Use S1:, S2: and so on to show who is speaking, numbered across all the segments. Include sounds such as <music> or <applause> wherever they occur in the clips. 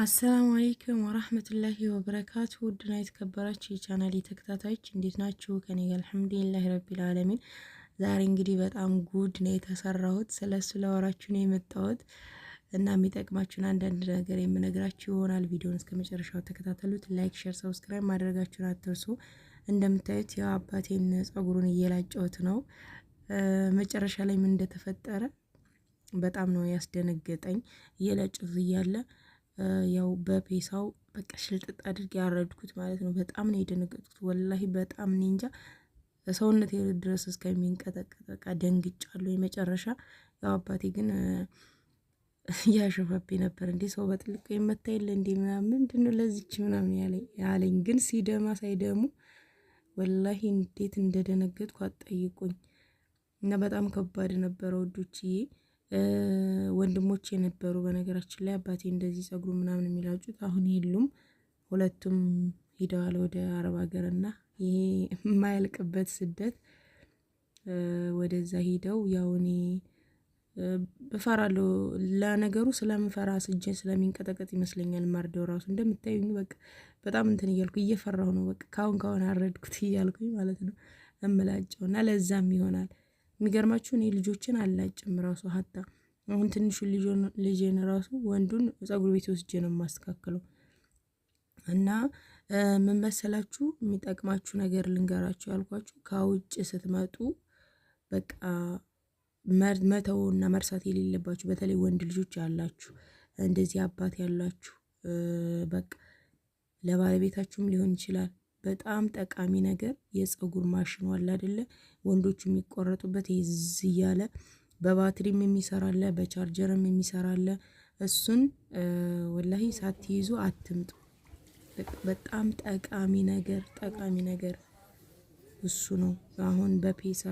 S1: አሰላሙ አለይኩም ወራህመቱላሂ ወበረካቱ። ውድና የተከበራችሁ የቻናል ተከታታዮች እንዴት ናችሁ? ከኔ ጋር አልሐምዱሊላሂ ረቢል ዓለሚን። ዛሬ እንግዲህ በጣም ጉድ ነው የተሰራሁት። ስለሱ ላወራችሁ ነው የመጣሁት እና የሚጠቅማችሁን አንዳንድ ነገር የምነግራችሁ ይሆናል። ቪዲዮውን እስከ መጨረሻው ተከታተሉት። ላይክ፣ ሼር፣ ሰብስክራይብ ማድረጋችሁን አትርሱ። እንደምታዩት ያው አባቴን ጸጉሩን እየላጨሁት ነው። መጨረሻ ላይ ምን እንደተፈጠረ በጣም ነው ያስደነገጠኝ እየላጨሁት እያለ ያው በፔሳው በቃ ሽልጥጥ አድርጌ ያረድኩት ማለት ነው። በጣም ነው የደነገጥኩት። ወላሂ በጣም እኔ እንጃ ሰውነት ድረስ እስከሚንቀጠቀጥ በቃ ደንግጫለሁ። የመጨረሻ ያው አባቴ ግን ያሸፋብኝ ነበር። እንዴ ሰው በጥልቅ የመታ የለ እንዴ ምናምን ምንድነው ለዚች ምናምን ያለኝ። ግን ሲደማ ሳይደሙ ወላሂ እንዴት እንደደነገጥኩ አጠይቁኝ። እና በጣም ከባድ ነበረ ወዶችዬ። ወንድሞች የነበሩ በነገራችን ላይ አባቴ እንደዚህ ጸጉሩ ምናምን የሚላጩት አሁን የሉም። ሁለቱም ሂደዋል ወደ አረብ ሀገር እና ይሄ የማያልቅበት ስደት ወደዛ ሂደው ያው እኔ እፈራለሁ። ለነገሩ ስለምፈራ ስጄ ስለሚንቀጠቀጥ ይመስለኛል ማርደው ራሱ እንደምታዩኝ በቃ በጣም እንትን እያልኩ እየፈራሁ ነው። በቃ ካሁን ካሁን አረድኩት እያልኩኝ ማለት ነው እምላጨው እና ለዛም ይሆናል የሚገርማችሁ እኔ ልጆችን አላጭም ራሱ ሀታ አሁን ትንሹ ልጅን ራሱ ወንዱን ጸጉር ቤት ወስጄ ነው የማስተካክለው። እና ምን መሰላችሁ የሚጠቅማችሁ ነገር ልንገራችሁ ያልኳችሁ ከውጭ ስትመጡ በቃ እና መርሳት የሌለባችሁ በተለይ ወንድ ልጆች ያላችሁ እንደዚህ አባት ያላችሁ በቃ ለባለቤታችሁም ሊሆን ይችላል። በጣም ጠቃሚ ነገር የፀጉር ማሽን አለ አይደለ? ወንዶች የሚቆረጡበት ይዝ እያለ በባትሪም የሚሰራለ በቻርጀርም የሚሰራለ እሱን ወላሂ ሳትይዙ አትምጡ። በጣም ጠቃሚ ነገር ጠቃሚ ነገር እሱ ነው። አሁን በፔሳ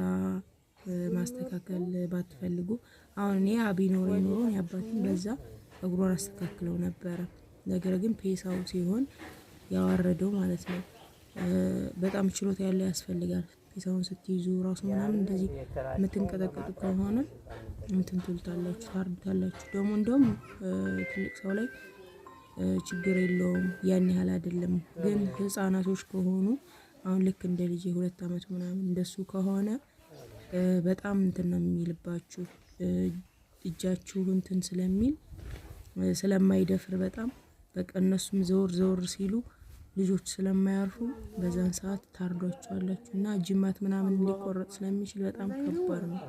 S1: ማስተካከል ባትፈልጉ አሁን እኔ አቢኖር ኖሮን ያባትን በዛ እግሮን አስተካክለው ነበረ። ነገር ግን ፔሳው ሲሆን ያዋረደው ማለት ነው። በጣም ችሎታ ያለው ያስፈልጋል። ፒሳውን ስትይዙ ራሱ ምናምን እንደዚህ የምትንቀጠቀጡ ከሆነ እንትን ትልታላችሁ፣ ታርዱታላችሁ። ደግሞ እንደውም ትልቅ ሰው ላይ ችግር የለውም ያን ያህል አይደለም። ግን ህጻናቶች ከሆኑ አሁን ልክ እንደ ልጅ የሁለት አመት ምናምን እንደሱ ከሆነ በጣም እንትን ነው የሚልባችሁ እጃችሁ እንትን ስለሚል ስለማይደፍር በጣም በቃ እነሱም ዘወር ዘወር ሲሉ ልጆች ስለማያርፉ በዛን ሰዓት ታርዷቸዋላችሁ እና ጅማት ምናምን ሊቆረጥ ስለሚችል በጣም ከባድ ነው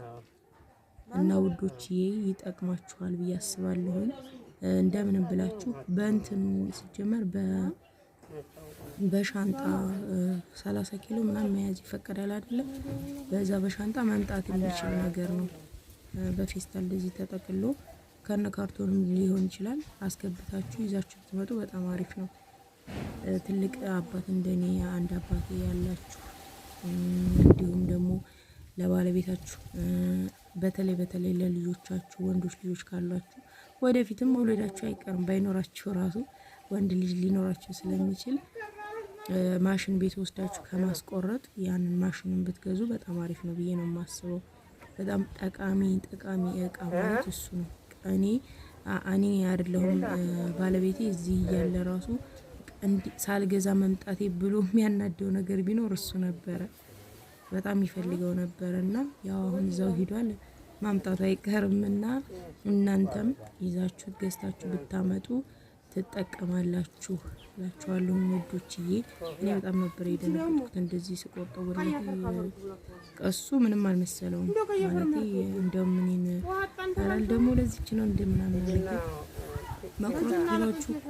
S1: እና ውዶችዬ ይጠቅማችኋል ብዬ አስባለሁኝ። እንደምንም ብላችሁ በእንትን ሲጀመር በሻንጣ ሰላሳ ኪሎ ምናምን መያዝ ይፈቀዳል አይደለም። በዛ በሻንጣ መምጣት የሚችል ነገር ነው። በፌስታል እንደዚህ ተጠቅሎ ከነ ካርቶንም ሊሆን ይችላል አስገብታችሁ ይዛችሁ ብትመጡ በጣም አሪፍ ነው። ትልቅ አባት እንደኔ አንድ አባት ያላችሁ እንዲሁም ደግሞ ለባለቤታችሁ በተለይ በተለይ ለልጆቻችሁ ወንዶች ልጆች ካሏችሁ ወደፊትም መውለዳችሁ አይቀርም። ባይኖራችሁ ራሱ ወንድ ልጅ ሊኖራችሁ ስለሚችል ማሽን ቤት ወስዳችሁ ከማስቆረጥ ያንን ማሽኑን ብትገዙ በጣም አሪፍ ነው ብዬ ነው የማስበው። በጣም ጠቃሚ ጠቃሚ እቃ ማለት እሱ ነው። እኔ እኔ አይደለሁም ባለቤቴ እዚህ እያለ ራሱ ሳልገዛ መምጣቴ ብሎ የሚያናደው ነገር ቢኖር እሱ ነበረ። በጣም ይፈልገው ነበረ እና ያው አሁን እዛው ሂዷል ማምጣቱ አይቀርም አይቀርምና እናንተም ይዛችሁ ገዝታችሁ ብታመጡ ትጠቀማላችሁ ላችኋለሁ ውዶችዬ። እኔ በጣም ነበር የደነገጥኩት እንደዚህ ስቆርጠው ወደ ቀሱ ምንም አልመሰለውም። ማለት እንደምን ይን ደግሞ ለዚች ነው እንደምናምን መኮረኒዎቹ እኮ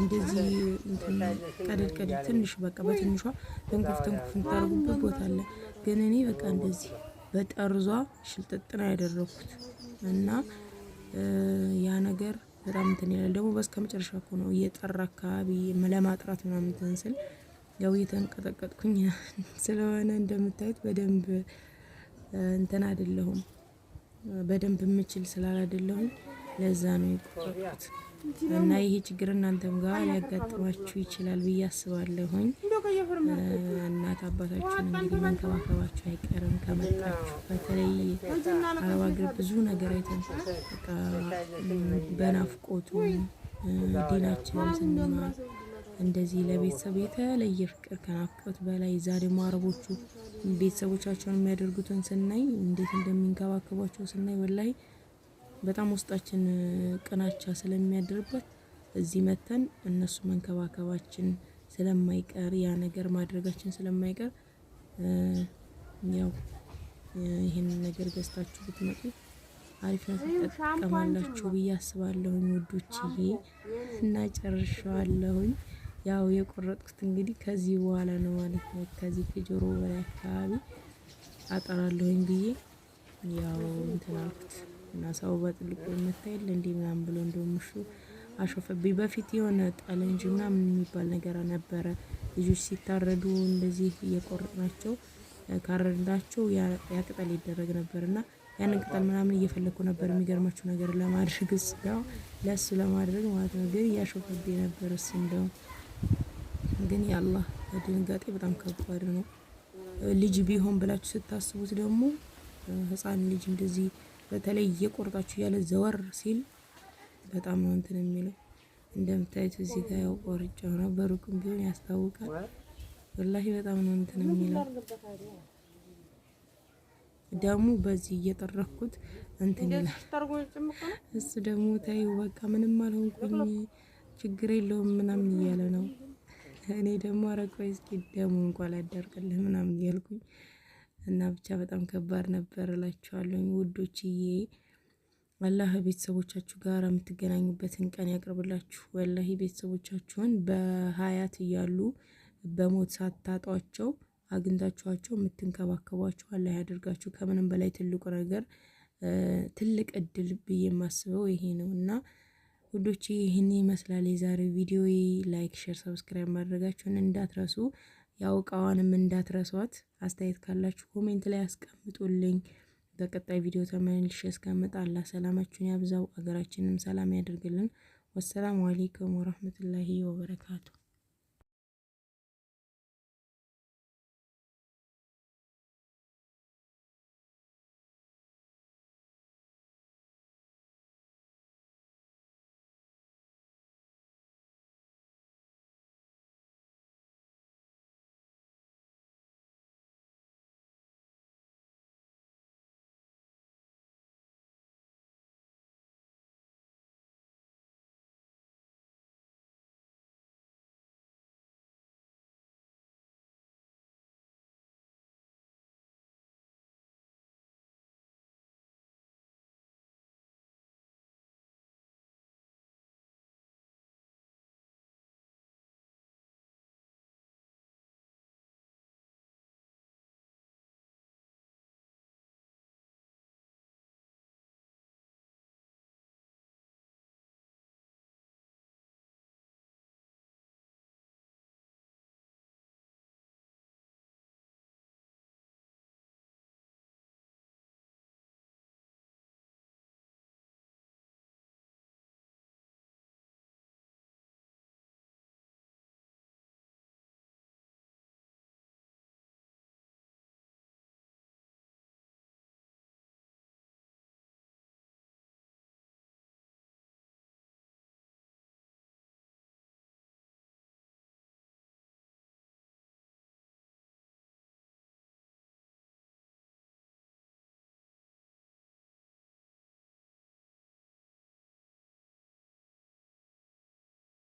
S1: እንደዚህ ቀደድ ቀደድ ትንሽ በቃ በትንሿ ትንኩፍ ተንኮፍ የምታደርጉበት ቦታ አለ። ግን እኔ በቃ እንደዚህ በጠርዟ ሽልጥጥና ያደረኩት እና ያ ነገር በጣም እንትን ይላል። ደግሞ በስከ መጨረሻ እኮ ነው እየጠራ አካባቢ ለማጥራት ምናምን እንትን ስል ያው እየተንቀጠቀጥኩኝ <laughs> ስለሆነ እንደምታዩት በደንብ እንትን አይደለሁም፣ በደንብ የምችል ስላላደለሁም ለዛ ነው የቆረጥኩት እና ይሄ ችግር እናንተም ጋር ሊያጋጥማችሁ ይችላል ብዬ አስባለሁኝ። እናት አባታችሁን እንግዲህ መንከባከባችሁ አይቀርም ከመጣችሁ። በተለይ አረብ ሀገር ብዙ ነገር አይተን በናፍቆቱ ዲናችንም ስንማር እንደዚህ ለቤተሰብ የተለየ ፍቅር ከናፍቆት በላይ እዛ ደግሞ አረቦቹ ቤተሰቦቻቸውን የሚያደርጉትን ስናይ እንዴት እንደሚንከባከቧቸው ስናይ ወላይ በጣም ውስጣችን ቅናቻ ስለሚያድርበት እዚህ መተን እነሱ መንከባከባችን ስለማይቀር ያ ነገር ማድረጋችን ስለማይቀር ያው ይህንን ነገር ገዝታችሁ ብትመጡ አሪፍ ነው ትጠቀማላችሁ ብዬ አስባለሁኝ ውዶችዬ እና ጨርሸዋለሁኝ። ያው የቆረጥኩት እንግዲህ ከዚህ በኋላ ነው ማለት ነው። ከዚህ ከጆሮ በላይ አካባቢ አጠራለሁኝ ብዬ ያው እንትን አልኩት። እና ሰው በጥልቁ የምታይል እንዲህ ምናምን ብሎ እንደውም እሱ አሾፈብኝ። በፊት የሆነ ጠለንጅ ምናምን የሚባል ነገር ነበረ። ልጆች ሲታረዱ እንደዚህ እየቆረጥናቸው ካረድናቸው ያ ቅጠል ይደረግ ነበር እና ያንን ቅጠል ምናምን እየፈለግኩ ነበር የሚገርማቸው ነገር ለማድረግ ስጋው ለእሱ ለማድረግ ማለት ነው። ግን እያሾፈብኝ ነበር እሱ እንደውም ግን የአላህ ድንጋጤ በጣም ከባድ ነው። ልጅ ቢሆን ብላችሁ ስታስቡት ደግሞ ህፃን ልጅ እንደዚህ በተለይ እየቆርጣችሁ ያለ ዘወር ሲል በጣም ነው እንትን የሚለው። እንደምታዩት እዚህ ጋር ያው ቆርጫው ነው፣ በሩቅም ቢሆን ያስታውቃል። ወላሂ በጣም ነው እንትን የሚለው። ደሙ በዚህ እየጠረኩት እንትን ይላል። እሱ ደግሞ ታይ በቃ ምንም አልሆንኩኝ ችግር የለውም ምናምን እያለ ነው። እኔ ደግሞ አረ ቆይ እስኪ ደሙ እንኳን ላደርቅልህ ምናምን እያልኩኝ እና ብቻ በጣም ከባድ ነበር እላችኋለሁኝ ውዶችዬ። አላህ ቤተሰቦቻችሁ ጋር የምትገናኙበትን ቀን ያቅርብላችሁ። ወላሂ ቤተሰቦቻችሁን በሀያት እያሉ በሞት ሳታጧቸው አግኝታችኋቸው የምትንከባከቧቸው አላህ ያደርጋችሁ። ከምንም በላይ ትልቁ ነገር ትልቅ እድል ብዬ የማስበው ይሄ ነው እና ውዶች ይህን ይመስላል የዛሬ ቪዲዮ። ላይክ፣ ሼር፣ ሰብስክራይብ ማድረጋችሁን እንዳትረሱ። ያው እቃዋንም እንዳትረሷት። አስተያየት ካላችሁ ኮሜንት ላይ አስቀምጡልኝ። በቀጣይ ቪዲዮ ተመልሼ እስከምጣላ ሰላማችሁን ያብዛው፣ አገራችንም ሰላም ያደርግልን። ወሰላሙ አሌይኩም ወረህመቱላሂ ወበረካቱ።